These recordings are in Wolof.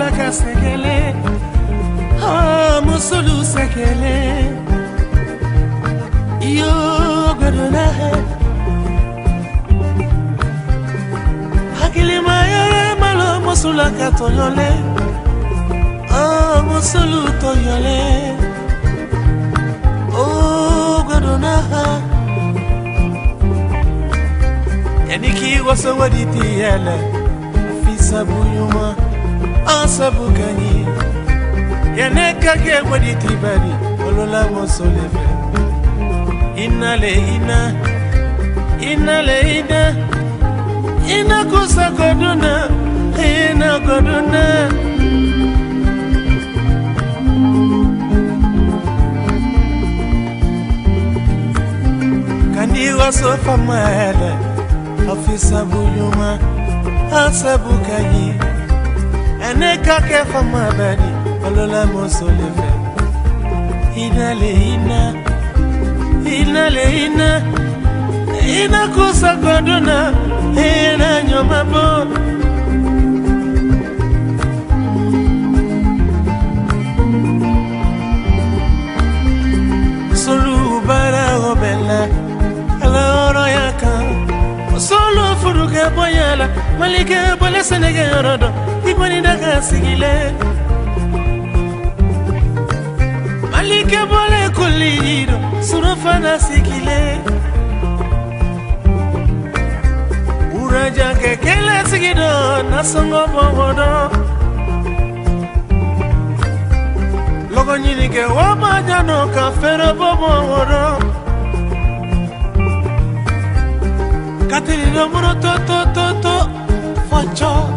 laka sɛgɛlɛ ah musolu sɛgɛlɛ iyo gadona hakilima yɛrɛ malo musu laka tɔɲɔlɛ ah musolu tɔɲɔlɛ o gadona yanni k'i waso wadi ti yɛlɛ fi sabu ɲuman. asabukanyi yanekaki ebwedi tribali olola mosoleve inale ina inale ina inakosa koduna inakoduna kandiwasofa maele afisa bunyuma asabukanyi Nitoke from my body, Olola Mosolefe. Inale ina, inale ina, ina kusa godona, ina nyoma bona. Solo furu ke boyala, malike bole senege yorodo. sigile malike bole kuliyiro surafana sigile uraja kekele sigido nasongo bogodo logo nyinike wamajano kafere bobogodo katilino muro totototo focho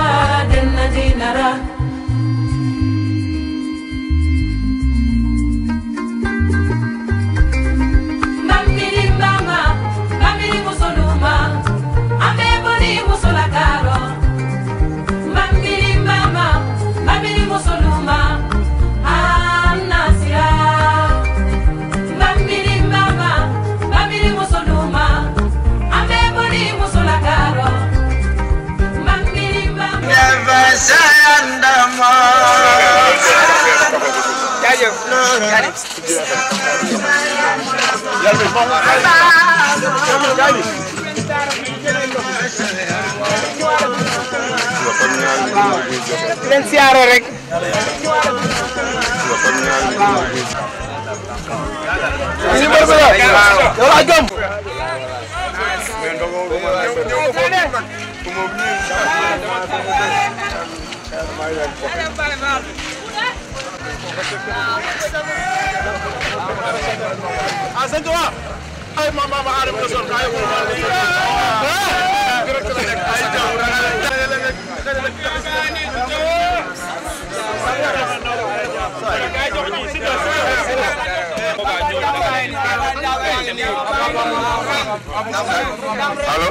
بعد الذي نراه leen siyaare rek. ñu bëri ba la yow laa gëm. Thank you. a sëñ bi waaw. ay ma ma ma aadama ko sonn ay ma ma Allo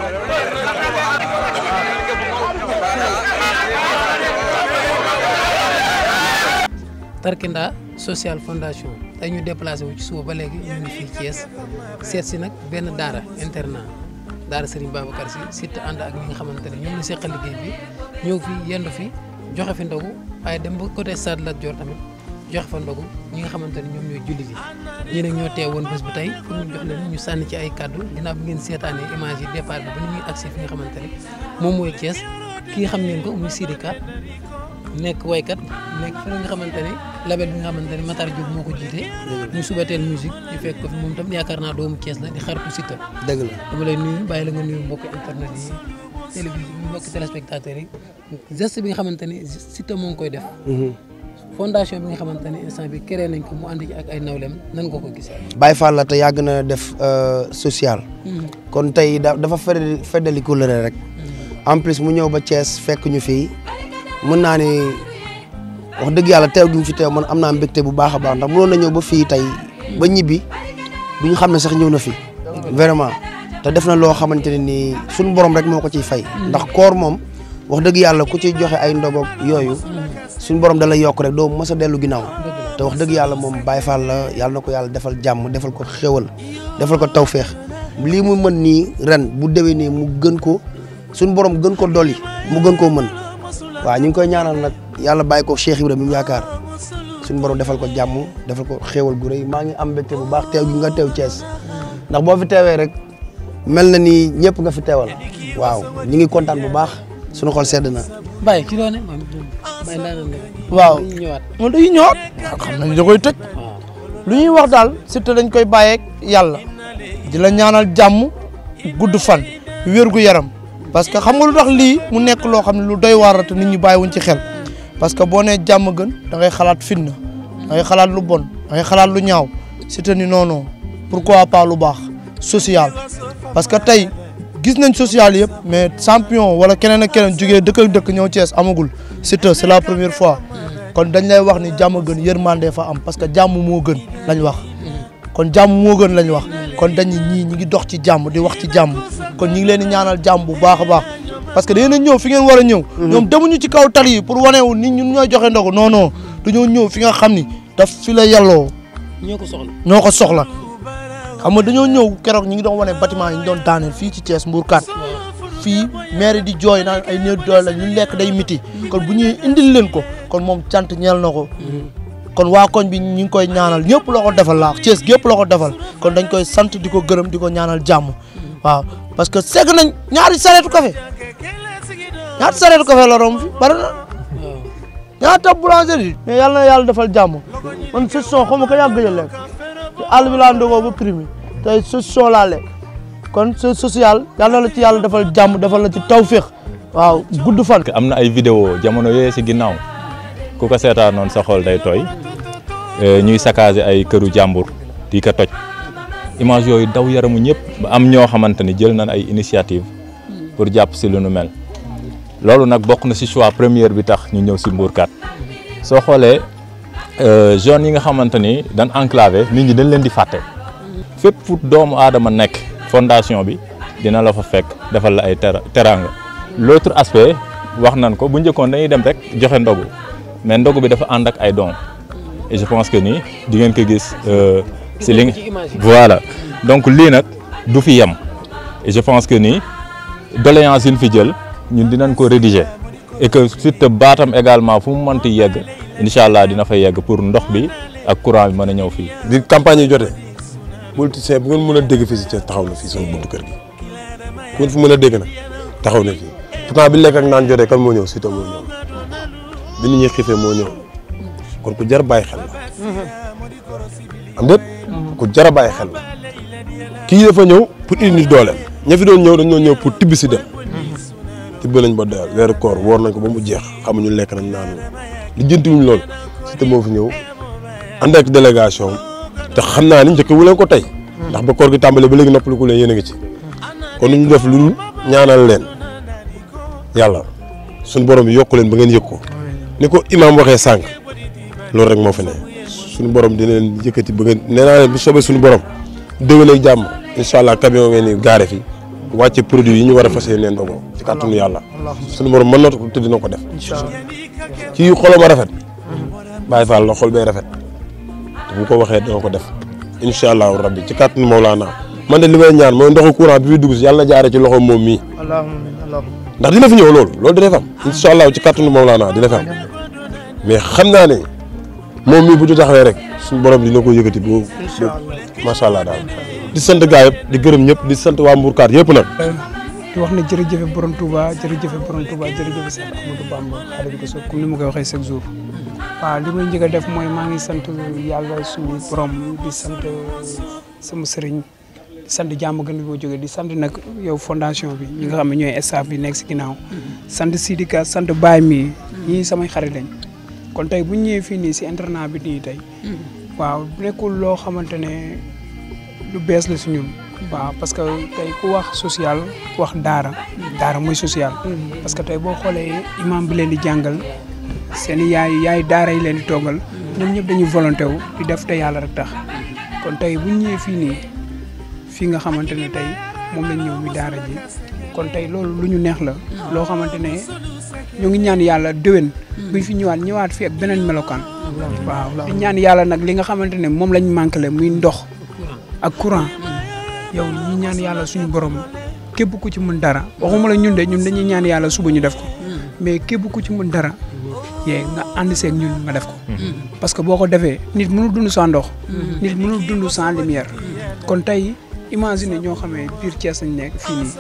Tarkinda Social Fondation tey ñu déplacé wu ci suba ba léegi ñu ngi fii cees seet si nag benn daara internat daara Serigne Babacar Sy surtout ànd ak ñi nga xamante ne ñoom la seqal liggéey bi ñëw fi yendu fi joxe fi ndogu waaye dem ba côté Stade Lat Dior tamit joxe fa ñi nga xamante ne ñoom ñooy julli yi ñi ñoo ñoo woon bés bu tey pour ñu jox leen ñu sànni ci ay kàddu ginnaaw bi ngeen seetaanee image yi départ bi ba ñu ñuy agsi fi nga xamante ne moom mooy Thiès kii xam ngeen ko muy Sidika nekk waykat nekk fi nga xamante ni label bi nga xamante ni Matar Diop moo ko jiite. ñu subateel musique di fekk ko fi moom tam yaakaar naa doomu Thiès la di xaritu Siteu. dëgg la bàyyi la nga nuyu mbokki internet yi télévision mbokki téléspectateur bi nga xamante ni Siteu moo ngi koy def. Mhm. fondation bi nga xamante ne instant bi këree nañ ko mu ànd ak ay nawlem nan nga ko gisee. Baye Fall la te yàgg na def euh, social. Mhm. kon tey dafa feddali couleur rek. Mhm. en plus mu ñëw ba Thiès fekk ñu fii mën naa ne wax dëgg yàlla teew gi mu fi teew man am naa mbégte bu baax a baax ndax mënoon na ñëw ba fii tey ba ñibbi duñu xam ne sax ñëw na fi vraiment te def na loo xamante ne nii suñu borom rek moo ko ciy fay ndax koor moom wax dëgg yàlla ku ci joxe ay ndogo yooyu suñu borom da lay yokk rek doo mës a dellu ginnaaw te wax dëgg yàlla moom Baye Fall la yàlla na ko yàlla defal jàmm defal ko xéwal defal ko feex lii mu mën nii ren bu déwee nii mu gën ko suñu borom gën ko dolli mu gën koo mën waaw ñu ngi koy ñaanal nag yàlla bàyyi ko Cheikh Ibrahima mi yaakaar suñu borom defal ko jàmm defal ko xéewal gu rëy maa ngi am mbégte bu baax teew gi nga teew Thiès ndax boo fi teewee rek mel na ni ñëpp nga fi teewal waaw ñu ngi kontaan bu baax suñu xol sedd na. Baye ci doone waaw moom dañuy ñëwaat. xam nañ da koy tëj. lu ñuy wax daal surtout dañ koy bàyyeeg yàlla di la ñaanal jàmm gudd fan wér gu yaram. parce que xam nga lu tax lii mu nekk loo xam ne lu doy waarat te nit ñi wuñ ci xel parce que boo nee jàmm gën da xalaat fitna da ngay xalaat lu bon da xalaat lu ñaaw c'est ni non non quoi pas lu baax social. parce que tey gis nañ social yëpp mais champion wala keneen ak keneen jógee dëkk ak dëkk ñëw Thiès amagul c'est c'est la première fois kon dañ lay wax ni jàmm gën yërmande fa am parce que jàmm moo gën lañ wax kon jàmm moo gën lañ wax kon dañ ñii ñi ngi dox ci jàmm di wax ci jàmm. kon ñu ngi leen di ñaanal jàmm bu baax a baax parce que dañu ñëw fi ngeen war a ñëw mhm. ñoom demuñu ci kaw tali yi pour wanewu nit ñu ñooy joxe ndogu non non dañoo ñëw fi nga xam ni daf fi la yelloo ñoo ko soxla ñoo ko soxla xam nga dañoo ñëw keroog ñu ngi doon wane bâtiment yi ñu doon daaneel fii ci Thiès Mbourkat fii maire di jooy naan ay néew doole la ñu lekk day miti kon bu ñuy indil leen ko kon moom cant ñeel na ko mhm. kon waa koñ bi ñu ngi koy ñaanal ñëpp la ko defal laa Thiès gépp la ko defal kon dañ koy sant di ko gërëm di ko ñaanal jàmm waaw parce que segg nañ ñaari sareetu café ñaata sareetu café la romb fi bari na ñaata boulangerie mais yàlla na yàlla defal jàmm man session xaw ma ko yàgg a lekk bi laa kon ce social yàlla na la ci yàlla defal jàmm defal la ci tawféex waaw gudd fan. am na ay vidéo jamono yooyu si ginnaaw ku ko seetaan noonu sa xool day tooy eh, ñuy saccager ay këru jàmbur di ko toj. image yooyu daw yaramu ñëpp ba am ñoo xamante ne jël na ay initiative pour jàpp si lu nu mel loolu nag bokk na si choix première bi tax ñu ñëw si Mbourkat soo xoolee euh, zones yi nga xamante ni dañ enclavé nit ñi dañ leen di fàtte fépp fu doomu aadama nekk fondation bi dina la fa fekk defal la ay teraanga l'autre aspect wax nañ ko bu njëkkoon dañuy dem rek joxe ndogu mais ndogu bi dafa ànd ak ay dons je pense que ni di ngeen ko gis euh, si li voilà donc lii nag du fi yem je pense que nii doléance yi ñu fi jël ñun dinañ ko rédiger et que surtout baatam également fu mu mënti yegg incha allah dina fa yegg pour ndox bi ak courant bi mën a ñëw fii. di campagne yi jotee politicien bu ngeen mën a dégg fii si taxaw na fii sama buntu kër gi ku ngeen fi mën a dégg nag taxaw na fii pourtant bi lekk ak naan jotee kan moo ñëw Siteu moo ñëw bi nit ñi xiifee moo ñëw kon ku jar bàyyi xel la mhm. am déet. ku jar a bàyyi xel la kii a ñëw pour indi doole ña fi doon ñëw dañoo ñëw pour tibb si dem tibb nañ ba doyal weer koor woor nañ ko ba mu jeex xamuñu lekk nañ naan li jëntiwuñ loolu Siteu moo fi ñëw ànd ak délégation te xam naa ni njëkk wu ko tey ndax ba koor gi tàmbalee ba léegi noppaliku leen yéen a ngi ci kon ñu def lu ñaanal leen yàlla suñu borom bi yokku leen ba ngeen yëg ko ni ko imaam waxee sànq loolu rek moo fi ne suñu borom dina leen yëkkati bëgg nee naa bu soobee suñu borom déwén ak jàmm incha allah camion ngeen gaare fi wàcce produit yi ñu war a fas yéeneen ndogo ci kàttanu yàlla suñu borom mën na te dina ko def ci xolam a rafet bàyyi faal la xol bay rafet bu ko waxee dina ko def incha allahu rabbi ci kàttanu Mawlana man de li may ñaan mooy ndoxu courant bi fi dugg si yàlla jaare ci loxo moom mii ndax dina fi ñëw loolu loolu dina fi am ci kàttanu Mawlana dina fi am mais naa moom mii bu ñu taxawee rek suñu borom dina ko yëkkati bu macha allah daal di sant gaa yëpp di gërëm ñëpp di sant waa Mbourkaat yëpp nag. di wax ne jërëjëf borom Touba jërëjëf borom Touba jërëjëf Seex Ahmadou Bamba Xaadimu Rasuul comme ni ma koy waxee chaque jour. waaw li may njëkk a def mooy maa ngi sant yàlla suñu borom di sant sama sëriñ di sant jàmm gën boo di sant nag yow fondation bi ñi nga xam ne ñooy staff bi nekk si ginnaaw. Mm-hmm. sant Sidika sant Baye mi ñii samay xarit kon tey bu ñu ñëwee fii nii si internat bi nii tey. Mm-hmm. waaw nekkul loo xamante ne lu bees la si ñun. Mm-hmm. waaw parce que tey ku wax social wax daara. Mm-hmm. daara mooy sociale parce que tey boo xoolee imam bi leen di jàngal seen yaay yaay daara yi leen di toggal. ñoom ñëpp dañuy volonté wu di def te yàlla rek tax kon tey bu ñu ñëwee fii nii fii nga xamante ne tey moom lañ ñëw mi daara ji kon tey loolu lu ñu neex la. loo xamante ñoo ngi ñaan yàlla déwén. Hmm. buñ fi ñëwaat ñëwaat fi ak beneen melokaan. waaw di ñaan yàlla nag li nga xamante ne moom lañ manqué muy ndox. ak courant. yow ñu ñaan yàlla suñu borom képp ku ci mën dara waxuma la ñun de ñun dañuy ñaan yàlla suba ñu def ko. Hmm. mais képp ku ci mën dara. yee nga ànd seeg ñun nga def ko. Hmm. parce que boo ko defee nit mënul dund sans ndox. nit mënul dund sans lumière. kon tey imagine ñoo xamee biir Thiès lañ nekk fii nii.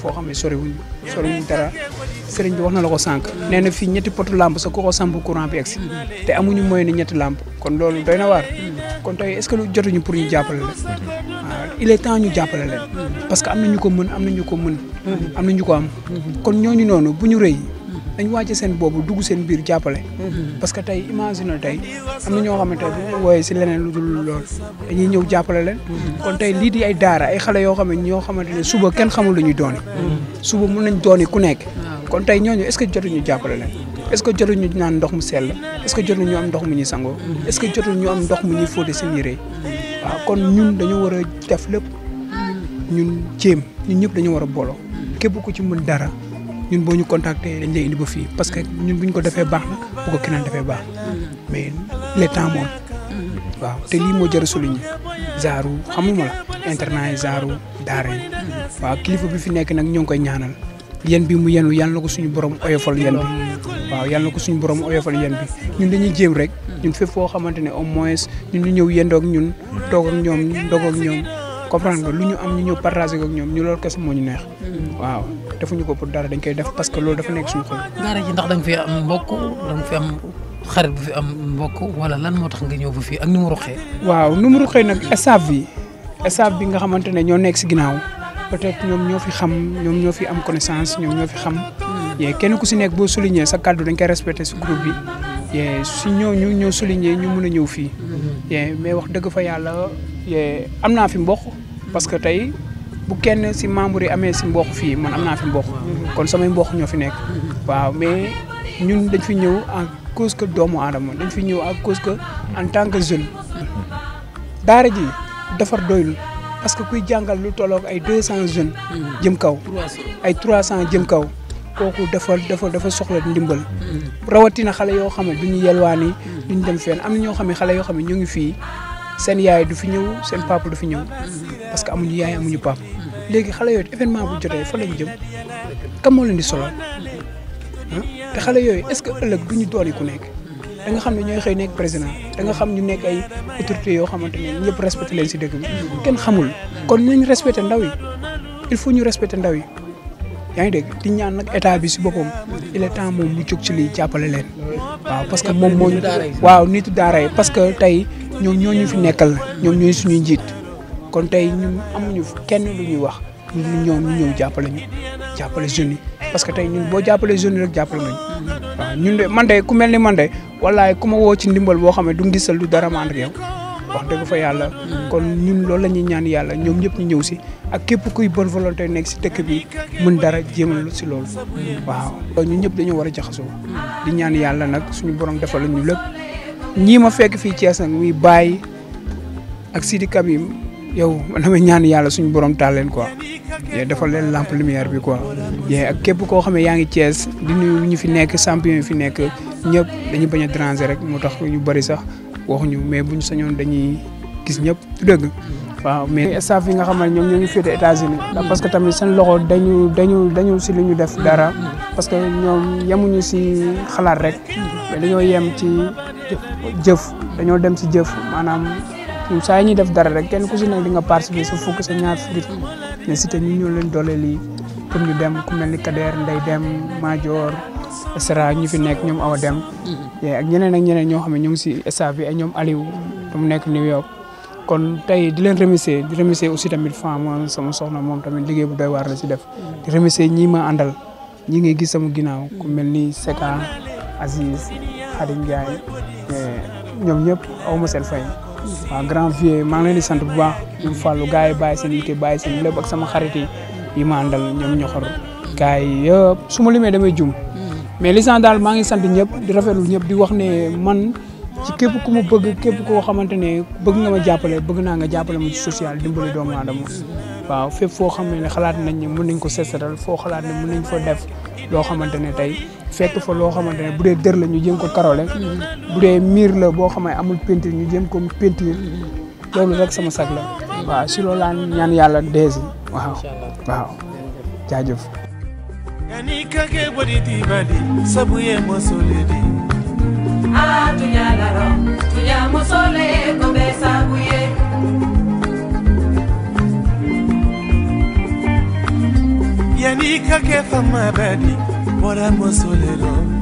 foo xam ne soriwuñ soriwuñ dara sëriñ bi wax na la ko sànq. nee na fii ñetti pot làmp sa ko ko samp courant bi egsi. te amuñu moyen ñetti làmp. kon loolu doy na waar. kon tey est-ce que lu jotuñu pour ñu jàppale leen. waaw il est temps ñu jàppale leen. parce que am na ñu ko mën am na ñu ko mën. am na ñu ko am. kon ñooñu noonu bu ñu rëy. dañ wàcce seen boobu dugg seen biir jàppale. parce que tey imagine tey am na ñoo xam ne tey bu si leneen lu dul lool dañuy ñëw jàppale leen. kon tey lii di ay daara ay xale yoo xam ne ñoo xamante ne suba kenn xamul lu ñuy dooni suba mun nañ dooni ku nekk. kon tey ñooñu est-ce que jotuñu jàppale leen. est-ce que jotuñu naan ndox mu sell est-ce que jotuñu am ndox mu ñuy sangoo. est-ce que jotuñu am ndox mu ñuy fóote seen yére waaw kon ñun dañu war a def lépp ñun jéem ñun ñëpp dañu war a booloo képp ku ci mën dara ñun boo ñu contacter dañ lay indi ba fii parce que ñun bu ñu ko defee baax na bu ko keneen defee baax mais le temps waaw te lii moo jar a souligner zaaru xamuma la internat yi zaaru daara yi waaw kilifa bi fi nekk nag ñoo ngi koy ñaanal yéen bi mu yenu yàlla na ko suñu borom oyofal yéen waaw yàlla ko suñu borom oyofal yéen bi ñun dañuy jéem rek ñun fépp foo xamante ne au moins ñun ñu ñëw yendoog ñun toog ñoom ndog ñoom comprendre nga ñu am ñu ñëw partager ak ñoom ñu loolu kese moo ñu neex waaw defuñu ko pour dara dañ koy def parce que loolu dafa nekk suñu xol. daara ji ndax da nga fi am mbokk da fi am bu fi am mbokk wala lan moo tax nga ñëw ba fii ak numéro xëy. waaw numéro xëy nag staff bi staff bi nga xamante ne ñoo nekk si ginnaaw peut-être ñoom ñoo fi xam ñoom ñoo fi am connaissance ñoom ñoo fi xam. Hmm. yee kenn ku si nekk boo souligner sa kàddu dañ koy respecté su groupe bi. yee si ñooñu ñoo souligner ñu mun a ñëw fii. Hmm. yee mais wax dëgg fa yàlla yee am naa fi mbokk parce que tey. bu kenn si membre yi amee si mboq fii man am naa fi mboq kon samay mboq ñoo fi nekk waaw mais ñun dañ fi ñëw en cause que doomu aadama dañ fi ñëw en cause que en tant que jeune daara ji defar doyul parce que kuy jàngal lu tollook ay deux cent jeunes jëm kaw ay trois cent jëm kaw kooku dafa dafa dafa soxla ndimbal rawatina xale yoo xam ne du ñu yelwaani du ñu dem fenn am na ñoo xam ne xale yoo xam ne ñu ngi fii seen yaay du fi ñëw seen papa du fi ñëw parce que amuñu yaay amuñu papa léegi xale yooyu événement bu jotee fa lañ jëm kam moo leen di solo te xale yooyu est-ce que ëllëg du ñu doon ku nekk da nga xam ne ñooy xëy nekk président danga xam ñu nekk ay autorités yoo xamante ne ñëpp respecté leen si dëkk bi kenn xamul kon nañ respecté ndaw yi il faut ñu respecté ndaw yi yaa ngi dégg di ñaan nag état bi si boppam il est temps moom mu jóg ci lii jàppale leen waaw parce que moom moo ñu waaw nitu daara yi parce que tey ñoom ñoo ñu fi nekkal ñoom ñooy suñuy njiit kon tey ñun amuñu kenn lu ñuy wax ñu ñoom ñu ñëw jàppale ñu jàppale jeunes yi parce que tey ñun boo jàppale jeunes yi jàppale ñun de man de ku mel ni man de wallaay ku ma woo ci ndimbal boo xam ne du ngisal du dara ma ànd wax dëgg fa yàlla kon ñun loolu la ñuy ñaan yàlla ñoom ñëpp ñu ñëw si ak képp kuy bonne volonté nekk si dëkk bi mën dara jéemal si loolu waaw ñu ñëpp dañoo war a jaxasoo di ñaan yàlla nag suñu borom defal ñu lépp ñii ma fekk fii Thiès nag muy Baye ak Sidi Kabim yow damay ñaan yàlla suñu borom taal leen quoi yee defal leen lampe lumière bi quoi yee ak képp koo xam ne yaa ngi Thiès di nuyu ñu fi nekk champion yi fi nekk ñëpp dañu bañ a déranger rek moo tax ñu bëri sax waxuñu mais buñu sañoon dañuy gis ñëpp du dëgg waaw mais staff yi nga xam ne ñoom ñoo ñu féete États-Unis parce que tamit seen loxo dañu dañu dañu si lu ñu def dara parce que ñoom yemuñu si xalaat rek mais dañoo yem ci jëf dañoo dem si jëf maanaam ñoom saa ñuy def dara rek kenn ku si nekk di nga participer sa fukk sa ñaar fukki mais si te ñu ñoo leen doole lii pour ñu dem ku mel ni Kader Ndeye Dem Madior et cetera fi nekk ñoom awa dem. Mm-hmm. ñeneen ak ñeneen ñoo xam ne ñu ngi si staff bi ak ñoom Aliou mu nekk New York. kon tey di leen remercier di remercier aussi tamit femme sama soxna moom tamit liggéey bu doy waar la ci def mm-hmm. di remercier ñii ma àndal ñi ngay gis sama ginnaaw ku mel ni Seka Aziz Xadim Ndiaye ñoom ñëpp aw ma seen fay waaw grand vieux maa ngi leen di sant bu baax ñoom Fallou gars yi bàyyi seen yitte bàyyi seen lépp ak sama xarit yi yi ma àndal ñoom ñoxor gars yi yëpp su ma limee damay jum mais lissant daal maa ngi sant ñëpp di rafetlu ñëpp di wax ne man ci képp ku ma bëgg képp koo xamante ne bëgg nga ma jàppale bëgg naa nga jàppale mu ci social dimbali doomu aadama waaw fépp foo xam ne xalaat nañ mun nañ ko seetal foo xalaat ne mën nañ fa def loo xamante ne tey fekk fa loo xamante ne bu dee dër la ñu jëm ko karole bu dee miir la boo xamee amul peinture ñu jëm ko peinture loolu rek sama sag la waaw si loolu laa ñaan yàlla deesi waaw waaw jaajëf yani ah, Yani kake fama badi, what am I so little?